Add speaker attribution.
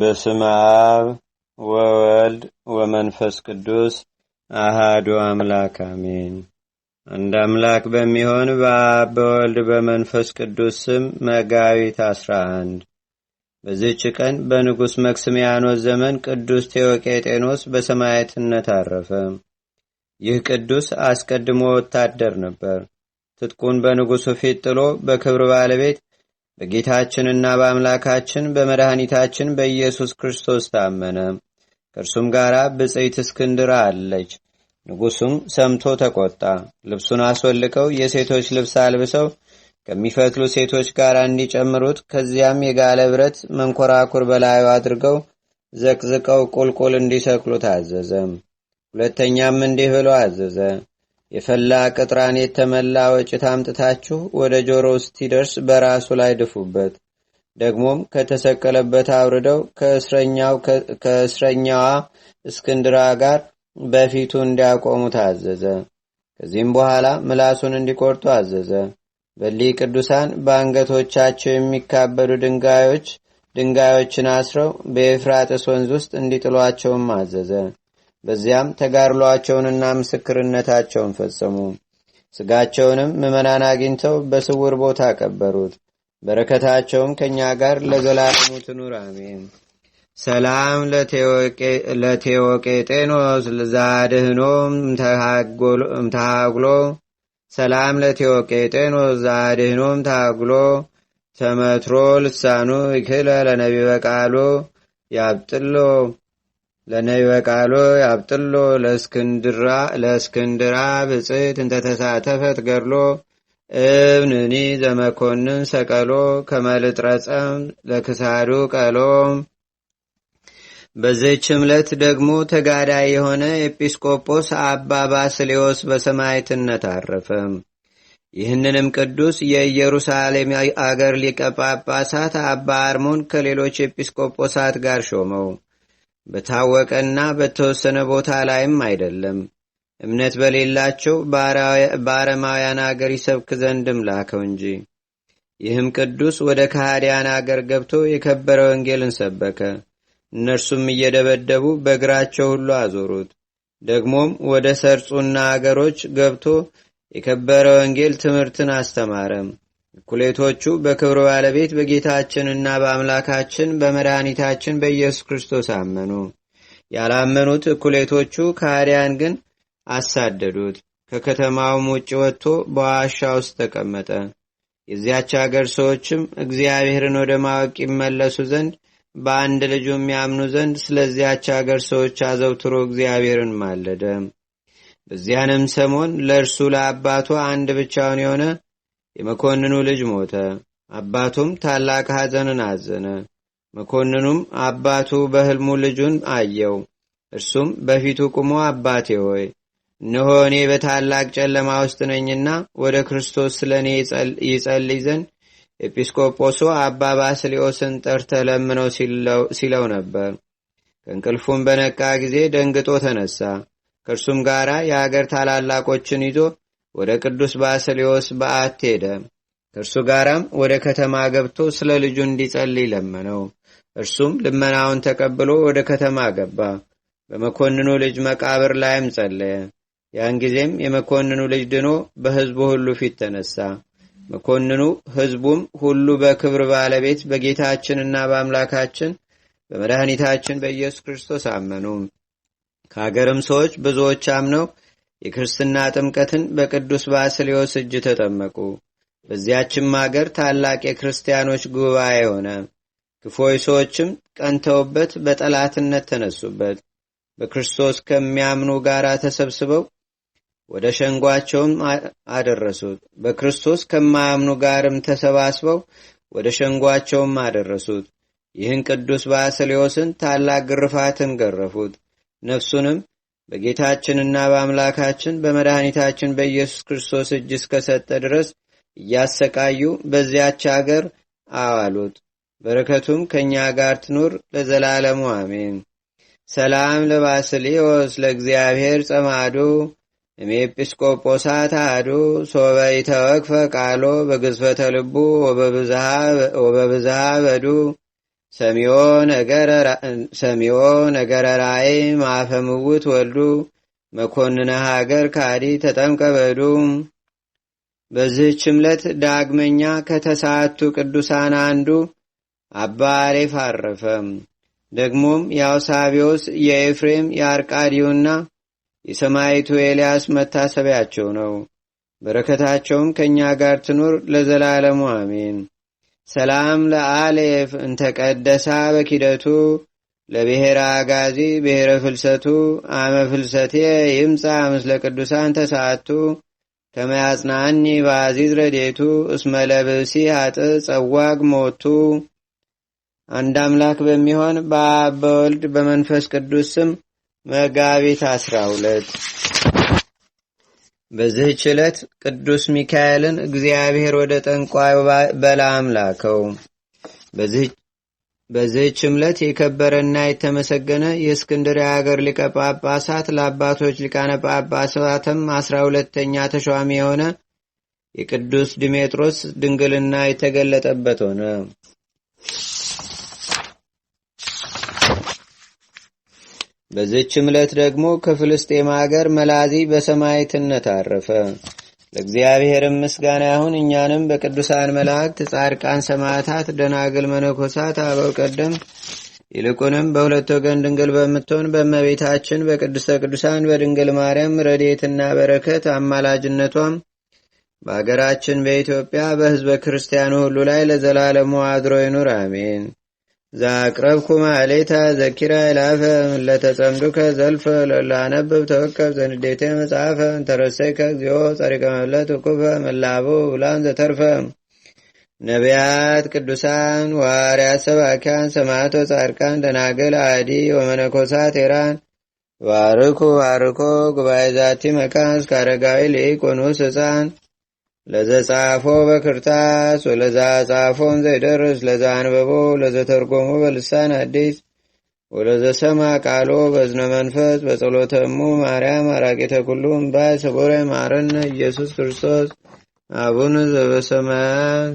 Speaker 1: በስም አብ ወወልድ ወመንፈስ ቅዱስ አሃዱ አምላክ አሜን። አንድ አምላክ በሚሆን በአብ በወልድ በመንፈስ ቅዱስ ስም መጋቢት አስራ አንድ በዚህች ቀን በንጉሥ መክስሚያኖስ ዘመን ቅዱስ ቴዎቄጤኖስ በሰማዕትነት አረፈ። ይህ ቅዱስ አስቀድሞ ወታደር ነበር። ትጥቁን በንጉሡ ፊት ጥሎ በክብር ባለቤት በጌታችንና በአምላካችን በመድኃኒታችን በኢየሱስ ክርስቶስ ታመነ። ከእርሱም ጋር ብፅዕት እስክንድራ አለች። ንጉሡም ሰምቶ ተቆጣ። ልብሱን አስወልቀው የሴቶች ልብስ አልብሰው ከሚፈትሉ ሴቶች ጋር እንዲጨምሩት ከዚያም የጋለ ብረት መንኮራኩር በላዩ አድርገው ዘቅዝቀው ቁልቁል እንዲሰቅሉ ታዘዘ። ሁለተኛም እንዲህ ብሎ አዘዘ። የፈላ ቅጥራን የተመላ ወጭት አምጥታችሁ ወደ ጆሮ ስቲደርስ በራሱ ላይ ድፉበት። ደግሞም ከተሰቀለበት አውርደው ከእስረኛዋ እስክንድራ ጋር በፊቱ እንዲያቆሙ ታዘዘ። ከዚህም በኋላ ምላሱን እንዲቆርጡ አዘዘ። በሊ ቅዱሳን በአንገቶቻቸው የሚካበዱ ድንጋዮች ድንጋዮችን አስረው በኤፍራጥስ ወንዝ ውስጥ እንዲጥሏቸውም አዘዘ። በዚያም ተጋድሏቸውንና ምስክርነታቸውን ፈጸሙ። ስጋቸውንም ምዕመናን አግኝተው በስውር ቦታ ቀበሩት። በረከታቸውም ከእኛ ጋር ለዘላለሙ ትኑር አሜን። ሰላም ለቴዎቄጤኖስ ዛድህኖም ተሃግሎ ሰላም ለቴዎቄጤኖስ ዛድህኖም ተሃግሎ ተመትሮ ልሳኑ ይክለ ለነቢበ ቃሉ ያብጥሎ ለነይወ ቃሎ አብጥሎ ለእስክንድራ ብፅት እንተተሳተፈት ገድሎ እብንኒ ዘመኮንን ሰቀሎ ከመልጥረፀም ለክሳዱ ቀሎም በዚህች ዕለት ደግሞ ተጋዳይ የሆነ ኤጲስቆጶስ አባ ባስሌዎስ በሰማይትነት አረፈም። ይህንንም ቅዱስ የኢየሩሳሌም አገር ሊቀ ጳጳሳት አባ አርሞን ከሌሎች ኤጲስቆጶሳት ጋር ሾመው። በታወቀና በተወሰነ ቦታ ላይም አይደለም እምነት በሌላቸው በአረማውያን አገር ይሰብክ ዘንድም ላከው እንጂ ይህም ቅዱስ ወደ ካህዲያን አገር ገብቶ የከበረ ወንጌልን ሰበከ እነርሱም እየደበደቡ በእግራቸው ሁሉ አዞሩት ደግሞም ወደ ሰርጹና አገሮች ገብቶ የከበረ ወንጌል ትምህርትን አስተማረም እኩሌቶቹ በክብር ባለቤት በጌታችንና በአምላካችን በመድኃኒታችን በኢየሱስ ክርስቶስ አመኑ። ያላመኑት እኩሌቶቹ ከሃዲያን ግን አሳደዱት። ከከተማውም ውጭ ወጥቶ በዋሻ ውስጥ ተቀመጠ። የዚያች አገር ሰዎችም እግዚአብሔርን ወደ ማወቅ ይመለሱ ዘንድ በአንድ ልጁ የሚያምኑ ዘንድ ስለዚያች አገር ሰዎች አዘውትሮ እግዚአብሔርን ማለደ። በዚያንም ሰሞን ለእርሱ ለአባቱ አንድ ብቻውን የሆነ የመኮንኑ ልጅ ሞተ። አባቱም ታላቅ ሐዘንን አዘነ። መኮንኑም አባቱ በሕልሙ ልጁን አየው። እርሱም በፊቱ ቁሞ አባቴ ሆይ እነሆ እኔ በታላቅ ጨለማ ውስጥ ነኝና ወደ ክርስቶስ ስለ እኔ ይጸልይ ዘንድ ኤጲስቆጶሱ አባ ባስልዮስን ጠርተ ለምነው ሲለው ነበር። ከእንቅልፉም በነቃ ጊዜ ደንግጦ ተነሳ። ከእርሱም ጋር የአገር ታላላቆችን ይዞ ወደ ቅዱስ ባስልዮስ በዓት ሄደ። እርሱ ጋራም ወደ ከተማ ገብቶ ስለ ልጁ እንዲጸልይ ለመነው። እርሱም ልመናውን ተቀብሎ ወደ ከተማ ገባ። በመኮንኑ ልጅ መቃብር ላይም ጸለየ። ያን ጊዜም የመኮንኑ ልጅ ድኖ በሕዝቡ ሁሉ ፊት ተነሳ። መኮንኑ ሕዝቡም ሁሉ በክብር ባለቤት በጌታችንና በአምላካችን በመድኃኒታችን በኢየሱስ ክርስቶስ አመኑ። ከአገርም ሰዎች ብዙዎች አምነው የክርስትና ጥምቀትን በቅዱስ ባስልዮስ እጅ ተጠመቁ። በዚያችም አገር ታላቅ የክርስቲያኖች ጉባኤ ሆነ። ክፎይ ሰዎችም ቀንተውበት በጠላትነት ተነሱበት። በክርስቶስ ከሚያምኑ ጋር ተሰብስበው ወደ ሸንጓቸውም አደረሱት። በክርስቶስ ከማያምኑ ጋርም ተሰባስበው ወደ ሸንጓቸውም አደረሱት። ይህን ቅዱስ ባስልዮስን ታላቅ ግርፋትን ገረፉት። ነፍሱንም በጌታችንና በአምላካችን በመድኃኒታችን በኢየሱስ ክርስቶስ እጅ እስከሰጠ ድረስ እያሰቃዩ በዚያች አገር አዋሉት። በረከቱም ከእኛ ጋር ትኑር ለዘላለሙ አሜን። ሰላም ለባስሌዎስ ለእግዚአብሔር ጸማዶ ኤጲስቆጶሳት አዶ ሶበ ይተወክፈ ቃሎ በግዝፈተ ልቡ ወበብዝሃ በዱ ሰሚዮ ነገረ ራእይ ማፈ ምውት ወልዱ መኮንነ ሀገር ካዲ ተጠምቀበዱ በዚህች ዕለት ዳግመኛ ከተሳቱ ቅዱሳን አንዱ አባ አሬፍ አረፈ። ደግሞም የአውሳቢዎስ የኤፍሬም የአርቃዲውና የሰማይቱ ኤልያስ መታሰቢያቸው ነው። በረከታቸውም ከእኛ ጋር ትኑር ለዘላለሙ አሜን። ሰላም ለአሌፍ እንተቀደሳ በኪደቱ ለብሔረ አጋዚ ብሔረ ፍልሰቱ አመ ፍልሰቴ ይምፃ ምስለ ቅዱሳን ተሳቱ ከመያጽናኒ በአዚዝ ረዴቱ እስመለብሲ አጥ ጸዋግ ሞቱ አንድ አምላክ በሚሆን በአብ በወልድ በመንፈስ ቅዱስ ስም መጋቢት አስራ ሁለት በዚህች ዕለት ቅዱስ ሚካኤልን እግዚአብሔር ወደ ጠንቋዩ በለዓም ላከው። በዚህችም ዕለት የከበረና የተመሰገነ የእስክንድርያ አገር ሊቀ ጳጳሳት ለአባቶች ሊቃነ ጳጳሳትም አስራ ሁለተኛ ተሿሚ የሆነ የቅዱስ ዲሜጥሮስ ድንግልና የተገለጠበት ሆነ። በዚች ምለት ደግሞ ከፍልስጤም አገር መላዚ በሰማይትነት አረፈ። ለእግዚአብሔርም ምስጋና ይሁን። እኛንም በቅዱሳን መላእክት፣ ጻድቃን፣ ሰማዕታት፣ ደናግል፣ መነኮሳት፣ አበው ቀደም ይልቁንም በሁለት ወገን ድንግል በምትሆን በመቤታችን በቅዱሰ ቅዱሳን በድንግል ማርያም ረዴትና በረከት አማላጅነቷም በአገራችን በኢትዮጵያ በሕዝበ ክርስቲያኑ ሁሉ ላይ ለዘላለሙ አድሮ ይኑር። አሜን። ዛቅረብኩ ሌታ ዘኪራ ይላፈ ለተጸምዱከ ዘልፈ ለላነብብ ተወከብ ዘንዴቴ መጽሐፈ እንተረሰይከ እግዚኦ ጸሪቀ መብለት እኩፈ መላቡ ብላን ዘተርፈ ነቢያት ቅዱሳን ዋርያት ሰባኪያን ሰማቶ ጻድቃን ደናግል አዲ ወመነኮሳት ቴራን ባርኩ ባርኮ ጉባኤ ዛቲ መካን እስከ አረጋዊ ልኢቅ ህፃን ለዘጻፎ በክርታስ ወለዛ ጻፎን ዘይደርስ ለዛ አንበቦ ለዘተርጎሞ በልሳን አዲስ ወለዘሰማ ቃሎ በዝነ መንፈስ በጸሎተሙ ማርያም አራቂተ ኩሉም ባይ ሰቦረ ማረነ ኢየሱስ ክርስቶስ አቡነ ዘበሰማያት